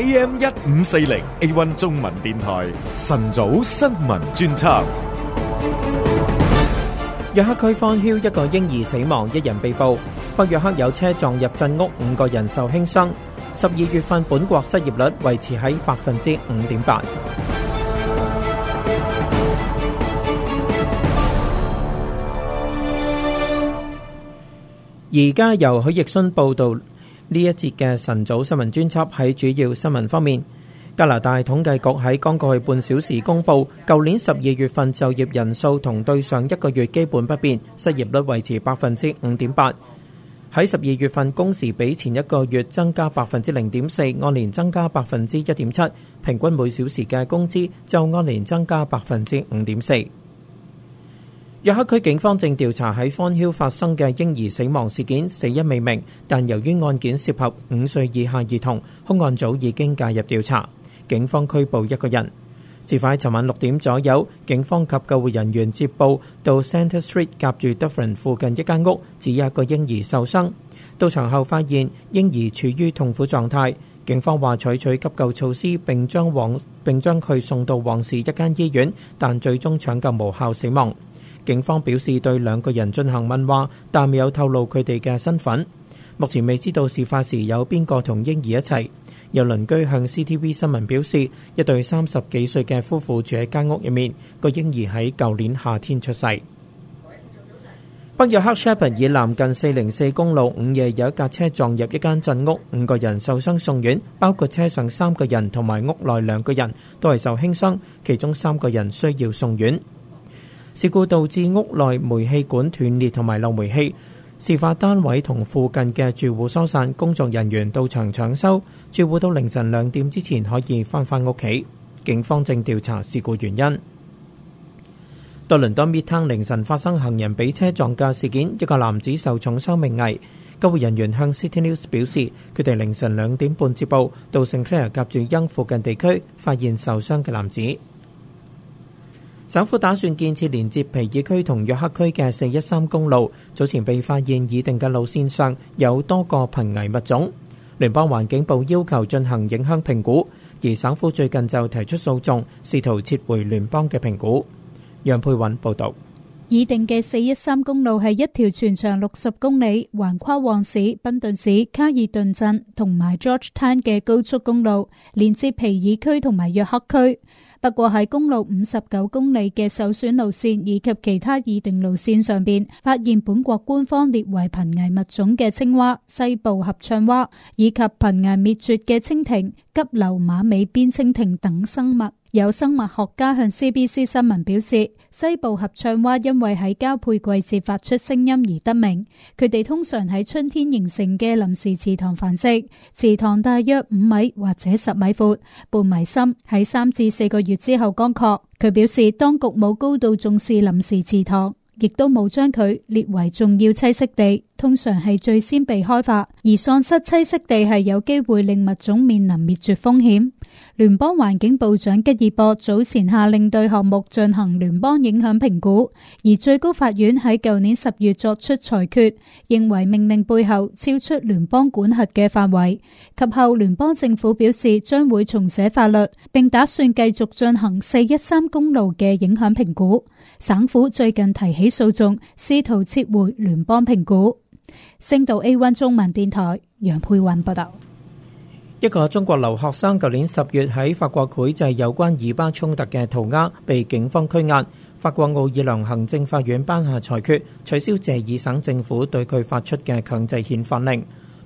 AM 一五四零 A One 中文電台晨早新聞專輯，約克區荒囂，一個嬰兒死亡，一人被捕；北約克有車撞入鎮屋，五個人受輕傷。十二月份本國失業率維持喺百分之五點八。而家由許奕迅報道。呢一節嘅晨早新聞專輯喺主要新聞方面，加拿大統計局喺剛過去半小時公布，舊年十二月份就業人數同對上一個月基本不變，失業率維持百分之五點八。喺十二月份，工時比前一個月增加百分之零點四，按年增加百分之一點七，平均每小時嘅工資就按年增加百分之五點四。約克區警方正調查喺方囂發生嘅嬰兒死亡事件，死因未明。但由於案件涉及五歲以下兒童，兇案組已經介入調查，警方拘捕一個人。事發尋晚六點左右，警方及救護人員接報到 Centre Street 夾住 Dufferin 附近一間屋，指一個嬰兒受傷。到場後發現嬰兒處於痛苦狀態，警方話採取，取急救措施並將，並將往並將佢送到旺市一間醫院，但最終搶救無效死亡。警方表示對兩個人進行問話，但未有透露佢哋嘅身份。目前未知道事發時有邊個同嬰兒一齊。有鄰居向 CTV 新聞表示，一對三十幾歲嘅夫婦住喺間屋入面，個嬰兒喺舊年夏天出世。 北約克 Sheppard 以南近四零四公路，午夜有一架車撞入一間鎮屋，五個人受傷送院，包括車上三個人同埋屋內兩個人都係受輕傷，其中三個人需要送院。事故導致屋內煤氣管斷裂同埋漏煤氣，事發單位同附近嘅住戶疏散，工作人員到場搶修，住戶到凌晨兩點之前可以翻返屋企。警方正調查事故原因。多倫多 Midtown 凌晨發生行人畀車撞嘅事件，一個男子受重傷命危。救護人員向 City News 表示，佢哋凌晨兩點半接報，到 St. Clair 夾 Yonge 附近地區發現受傷嘅男子。省府打算建設連接皮爾區同約克區嘅四一三公路，早前被發現擬定嘅路線上有多個瀕危物種，聯邦環境部要求進行影響評估，而省府最近就提出訴訟，試圖撤回聯邦嘅評估。楊佩韻報導。擬定嘅四一三公路係一條全長六十公里、橫跨旺市、賓頓市、卡爾頓鎮同埋 Georgetown 嘅高速公路，連接皮爾區同埋約克區。不過喺公路五十九公里嘅首選路線，以及其他擬定路線上邊，發現本國官方列為瀕危物種嘅青蛙、西部合唱蛙，以及瀕危滅絕嘅蜻蜓、急流馬尾邊蜻蜓等生物。有生物學家向 CBC 新聞表示，西部合唱蛙因為喺交配季節發出聲音而得名。佢哋通常喺春天形成嘅臨時池塘繁殖，池塘大約五米或者十米闊，半米深，喺三至四個月之後乾涸。佢表示，當局冇高度重視臨時池塘。亦都冇將佢列為重要棲息地，通常係最先被開發，而喪失棲息地係有機會令物種面臨滅絕風險。聯邦環境部長吉爾博早前下令對項目進行聯邦影響評估，而最高法院喺舊年十月作出裁決，認為命令背後超出聯邦管轄嘅範圍。及後聯邦政府表示將會重寫法律，並打算繼續進行四一三公路嘅影響評估。省府最近提起訴訟，試圖撤回聯邦評估。星島 A1 中文電台楊佩雲報道：一個中國留學生舊年十月喺法國繪製有關以巴衝突嘅塗鴉，被警方拘押。法國奧爾良行政法院頒下裁決，取消謝爾省政府對佢發出嘅強制遣返令。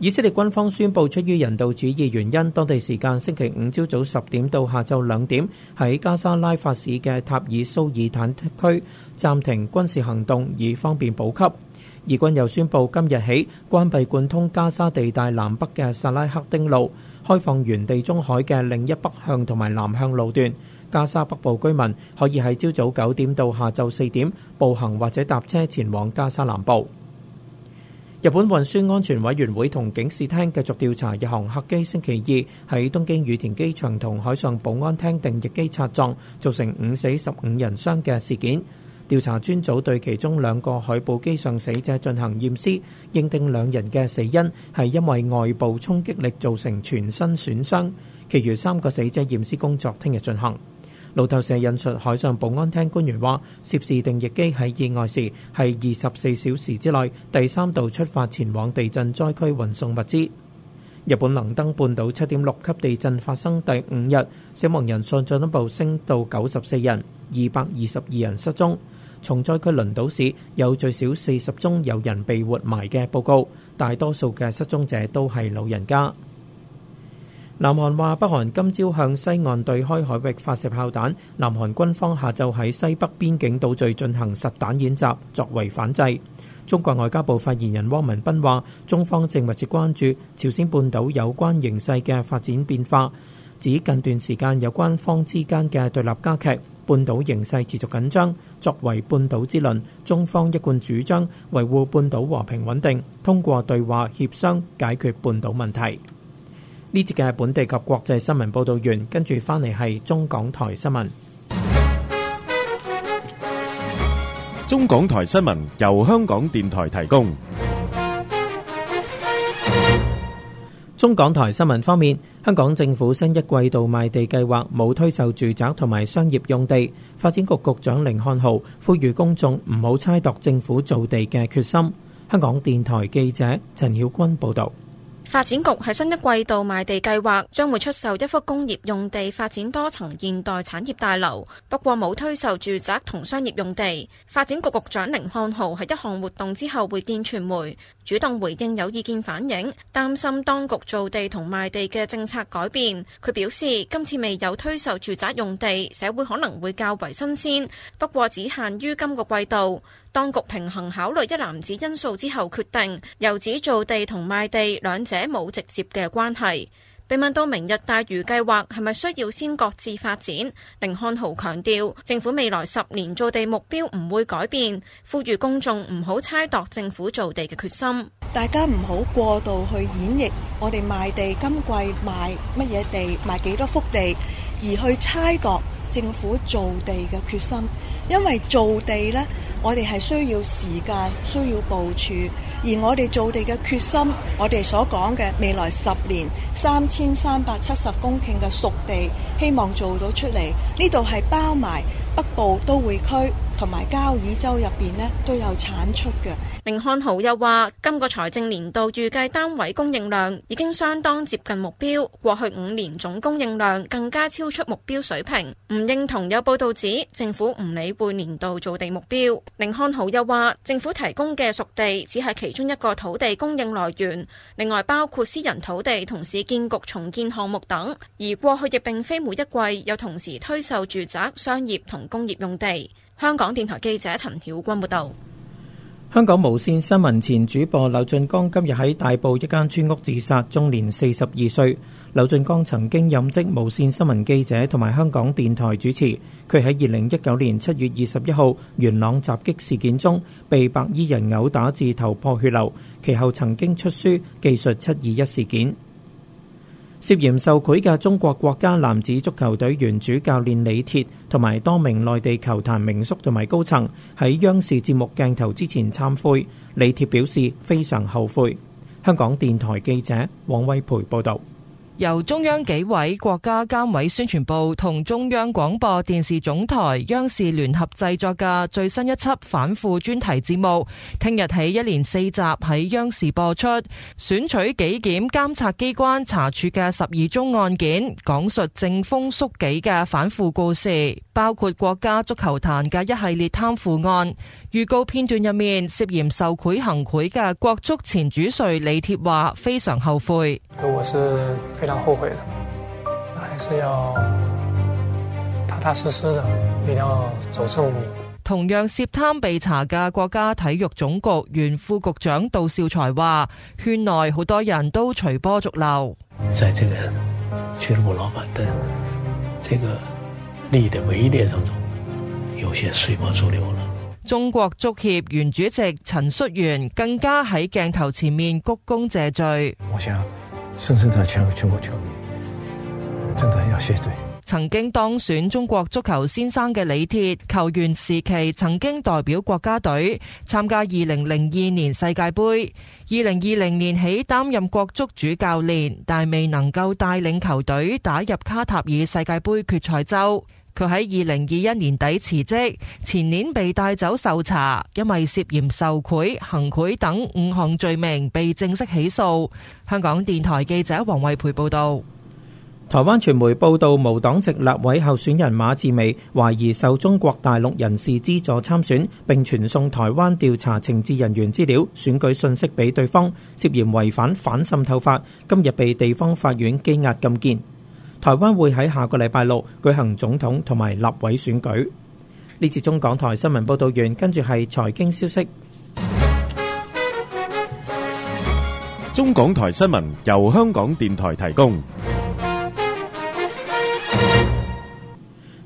以色列軍方宣布，出於人道主義原因，當地時間星期五朝早十點到下晝兩點，喺加沙拉法市嘅塔爾蘇爾坦區暫停軍事行動，以方便補給。以軍又宣布今日起關閉貫通加沙地帶南北嘅薩拉克丁路，開放沿地中海嘅另一北向同埋南向路段。加沙北部居民可以喺朝早九點到下晝四點步行或者搭車前往加沙南部。日本運輸安全委員會同警視廳繼續調查日航客機星期二喺東京羽田機場同海上保安廳定翼機擦撞，造成五死十五人傷嘅事件。調查專組對其中兩個海保機上死者進行驗屍，認定兩人嘅死因係因為外部衝擊力造成全身損傷。其餘三個死者驗屍工作聽日進行。路透社引述海上保安廳官員話，涉事定翼機喺意外時，係二十四小時之內第三度出發前往地震災區運送物資。日本能登半島七點六級地震發生第五日，死亡人數進一步升到九十四人，二百二十二人失蹤。從災區輪島市有最少四十宗有人被活埋嘅報告，大多數嘅失蹤者都係老人家。南韓話北韓今朝向西岸對開海域發射炮彈，南韓軍方下晝喺西北邊境島嶼進行實彈演習，作為反制。中國外交部發言人汪文斌話：中方正密切關注朝鮮半島有關形勢嘅發展變化，指近段時間有關方之間嘅對立加劇，半島形勢持續緊張。作為半島之鄰，中方一貫主張維護半島和平穩定，通過對話協商解決半島問題。呢節嘅，係本地及國際新聞報道員，跟住翻嚟，係中港台新聞。中港台新聞由香港電台提供。中港台新聞方面，香港政府新一季度賣地計劃冇推售住宅同埋商業用地。發展局局長甯漢豪呼籲公眾唔好猜度政府造地嘅決心。香港電台記者陳曉君報道。發展局喺新一季度賣地計劃，將會出售一幅工業用地，發展多層現代產業大樓。不過冇推售住宅同商業用地。發展局局長甯漢豪喺一項活動之後會見傳媒。主動回應有意見反映，擔心當局造地同賣地嘅政策改變。佢表示今次未有推售住宅用地，社會可能會較為新鮮，不過只限於今個季度。當局平衡考慮一籃子因素之後決定，又指造地同賣地兩者冇直接嘅關係。被問到明日大嶼計劃係咪需要先各自發展，甯漢豪強調政府未來十年造地目標唔會改變，呼籲公眾唔好猜度政府造地嘅決心。大家唔好過度去演繹我哋賣地今季賣乜嘢地，賣幾多幅地，而去猜度政府造地嘅決心，因為造地呢，我哋係需要時間，需要部署。而我哋做地嘅決心，我哋所講嘅未來十年三千三百七十公頃嘅熟地，希望做到出嚟。呢度係包埋北部都會區同埋交椅洲入邊咧都有產出嘅。寧漢豪又話今、這個財政年度預計單位供應量已經相當接近目標，過去五年總供應量更加超出目標水平。唔認同有報道指政府唔理會年度做地目標，寧漢豪又話政府提供嘅熟地只係其。其中一個土地供應來源，另外包括私人土地同市建局重建項目等，而過去亦並非每一季有同時推售住宅、商業同工業用地。香港電台記者陳曉君報道。香港無線新聞前主播柳俊江今日喺大埔一間村屋自殺，終年四十二歲。柳俊江曾經任職無線新聞記者同埋香港電台主持，佢喺二零一九年七月二十一號元朗襲擊事件中被白衣人毆打至頭破血流，其後曾經出書記述七二一事件。涉嫌受賄嘅中國國家男子足球隊原主教練李鐵同埋多名內地球壇名宿同埋高層喺央視節目鏡頭之前懺悔，李鐵表示非常後悔。香港電台記者黃威培報導。由中央紀委、國家監委宣傳部同中央廣播電視總台央視聯合製作嘅最新一輯反腐專題節目，聽日起一連四集喺央視播出，選取紀檢監察機關查處嘅十二宗案件，講述正風肅紀嘅反腐故事。包括國家足球壇嘅一系列貪腐案，預告片段入面涉嫌受賄行賄嘅國足前主帥李鐵話非常後悔。我是非常後悔的，還是要踏踏實實的，比較走正路。同樣涉貪被查嘅國家體育總局原副局長杜兆才話，圈內好多人都隨波逐流。就係 這個俱樂部老闆的這個。力的威列當中，有些隨波逐流了。中國足協原主席陳戌源更加喺鏡頭前面鞠躬謝罪。我想深深的向全全國球迷，真的要謝罪。曾經當選中國足球先生嘅李鐵，球員時期曾經代表國家隊參加二零零二年世界杯。二零二零年起擔任國足主教練，但未能夠帶領球隊打入卡塔爾世界杯決賽周。佢喺二零二一年底辭職，前年被帶走受查，因為涉嫌受賄、行賄等五項罪名被正式起訴。香港電台記者黃慧培報道。台灣傳媒報道，無黨籍立委候選人馬志美懷疑受中國大陸人士資助參選，並傳送台灣調查情治人員資料、選舉信息俾對方，涉嫌違反反滲透法，今日被地方法院羈押禁見。台灣會喺下個禮拜六舉行總統同埋立委選舉。呢節中港台新聞報道完，跟住係財經消息。中港台新聞由香港電台提供。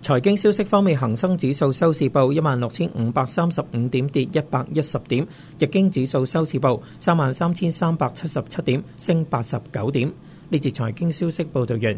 財經消息方面，恒生指數收市報一萬六千五百三十五點，跌一百一十點；日經指數收市報三萬三千三百七十七點，升八十九點。呢節財經消息報道完。